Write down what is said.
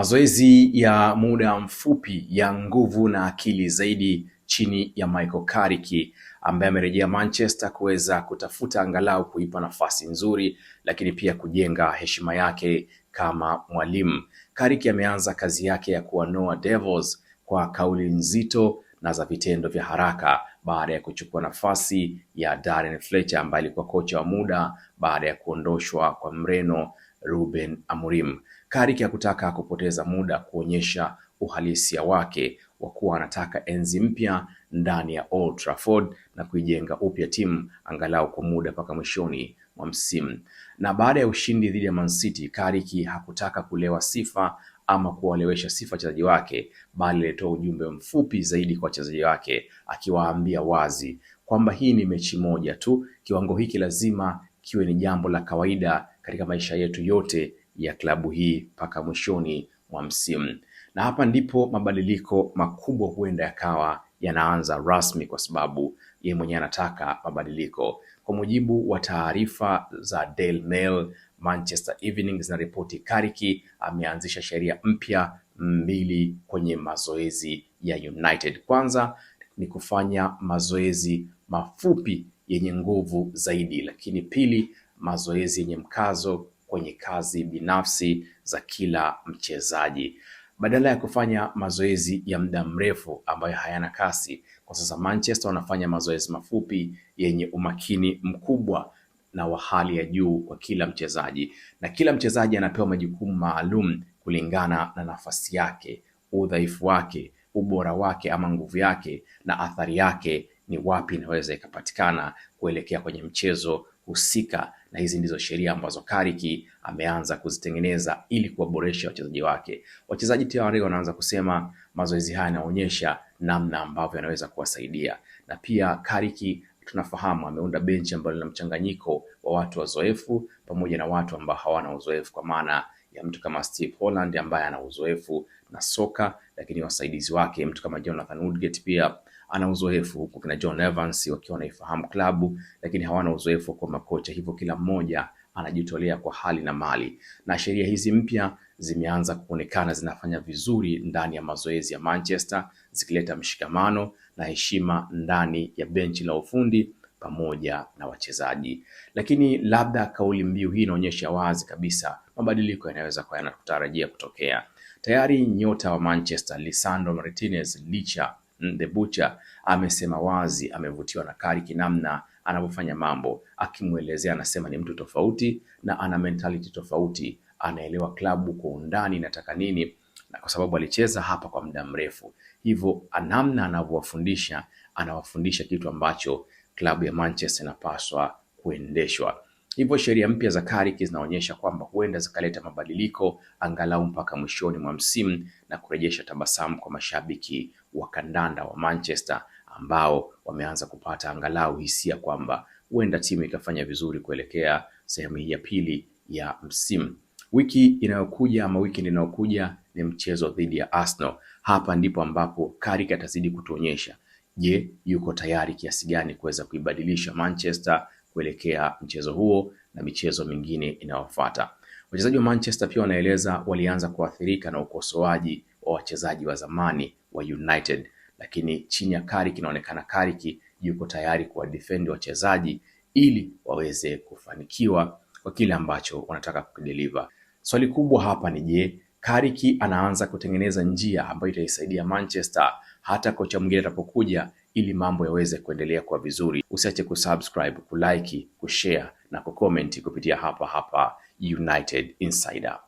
Mazoezi ya muda mfupi ya nguvu na akili zaidi chini ya Michael Carrick ambaye amerejea Manchester kuweza kutafuta angalau kuipa nafasi nzuri, lakini pia kujenga heshima yake kama mwalimu. Carrick ameanza kazi yake ya kuwanoa Devils kwa kauli nzito na za vitendo vya haraka baada ya kuchukua nafasi ya Darren Fletcher ambaye alikuwa kocha wa muda baada ya kuondoshwa kwa Mreno Ruben Amorim. Carrick hakutaka kupoteza muda kuonyesha uhalisia wake wa kuwa anataka enzi mpya ndani ya Old Trafford na kuijenga upya timu angalau kwa muda mpaka mwishoni mwa msimu. Na baada ya ushindi dhidi ya Man City, Carrick hakutaka kulewa sifa ama kuwalewesha sifa wachezaji wake, bali alitoa ujumbe mfupi zaidi kwa wachezaji wake akiwaambia wazi kwamba hii ni mechi moja tu, kiwango hiki lazima kiwe ni jambo la kawaida katika maisha yetu yote ya klabu hii mpaka mwishoni mwa msimu. Na hapa ndipo mabadiliko makubwa huenda yakawa yanaanza rasmi, kwa sababu yeye mwenyewe anataka mabadiliko. Kwa mujibu wa taarifa za Daily Mail, Manchester Evening zinaripoti Kariki ameanzisha sheria mpya mbili kwenye mazoezi ya United. Kwanza ni kufanya mazoezi mafupi yenye nguvu zaidi, lakini pili, mazoezi yenye mkazo kwenye kazi binafsi za kila mchezaji badala ya kufanya mazoezi ya muda mrefu ambayo hayana kasi. Kwa sasa Manchester wanafanya mazoezi mafupi yenye umakini mkubwa na wa hali ya juu kwa kila mchezaji, na kila mchezaji anapewa majukumu maalum kulingana na nafasi yake, udhaifu wake, ubora wake ama nguvu yake na athari yake ni wapi inaweza ikapatikana kuelekea kwenye mchezo husika, na hizi ndizo sheria ambazo Kariki ameanza kuzitengeneza ili kuwaboresha wachezaji wake. Wachezaji tayari wanaanza kusema mazoezi haya yanaonyesha namna ambavyo yanaweza kuwasaidia, na pia Kariki tunafahamu ameunda benchi ambalo lina mchanganyiko wa watu wazoefu pamoja na watu ambao hawana uzoefu, kwa maana ya mtu kama Steve Holland ambaye ana uzoefu na soka, lakini wasaidizi wake mtu kama Jonathan Woodgate pia ana uzoefu huku kina John Evans wakiwa wanaifahamu klabu lakini hawana uzoefu kwa makocha, hivyo kila mmoja anajitolea kwa hali na mali, na sheria hizi mpya zimeanza kuonekana zinafanya vizuri ndani ya mazoezi ya Manchester, zikileta mshikamano na heshima ndani ya benchi la ufundi pamoja na wachezaji. Lakini labda kauli mbiu hii inaonyesha wazi kabisa mabadiliko yanaweza kuwa yanatarajia kutokea. Tayari nyota wa Manchester Lisandro Martinez licha The Butcher amesema wazi amevutiwa na Kariki namna anavyofanya mambo, akimwelezea anasema ni mtu tofauti na ana mentality tofauti, anaelewa klabu kwa undani inataka nini, na kwa sababu alicheza hapa kwa muda mrefu, hivyo namna anavyowafundisha anawafundisha kitu ambacho klabu ya Manchester inapaswa kuendeshwa. Hivyo sheria mpya za Kariki zinaonyesha kwamba huenda zikaleta mabadiliko angalau mpaka mwishoni mwa msimu na kurejesha tabasamu kwa mashabiki wa kandanda wa Manchester ambao wameanza kupata angalau hisia kwamba huenda timu ikafanya vizuri kuelekea sehemu hii ya pili ya msimu. Wiki inayokuja ama wiki inayokuja ni mchezo dhidi ya Arsenal. Hapa ndipo ambapo Carrick atazidi kutuonyesha, je, yuko tayari kiasi gani kuweza kuibadilisha Manchester kuelekea mchezo huo na michezo mingine inayofuata. Wachezaji wa Manchester pia wanaeleza walianza kuathirika na ukosoaji wa wachezaji wa zamani wa United, lakini chini ya Carrick inaonekana Carrick yuko tayari kuwadefend wachezaji ili waweze kufanikiwa kwa kile ambacho wanataka kukideliver. Swali kubwa hapa ni je, Kariki anaanza kutengeneza njia ambayo itaisaidia Manchester hata kocha mwingine atapokuja, ili mambo yaweze kuendelea kwa vizuri. Usiache kusubscribe, kulike, kushare na kucomment kupitia hapa hapa United Insider.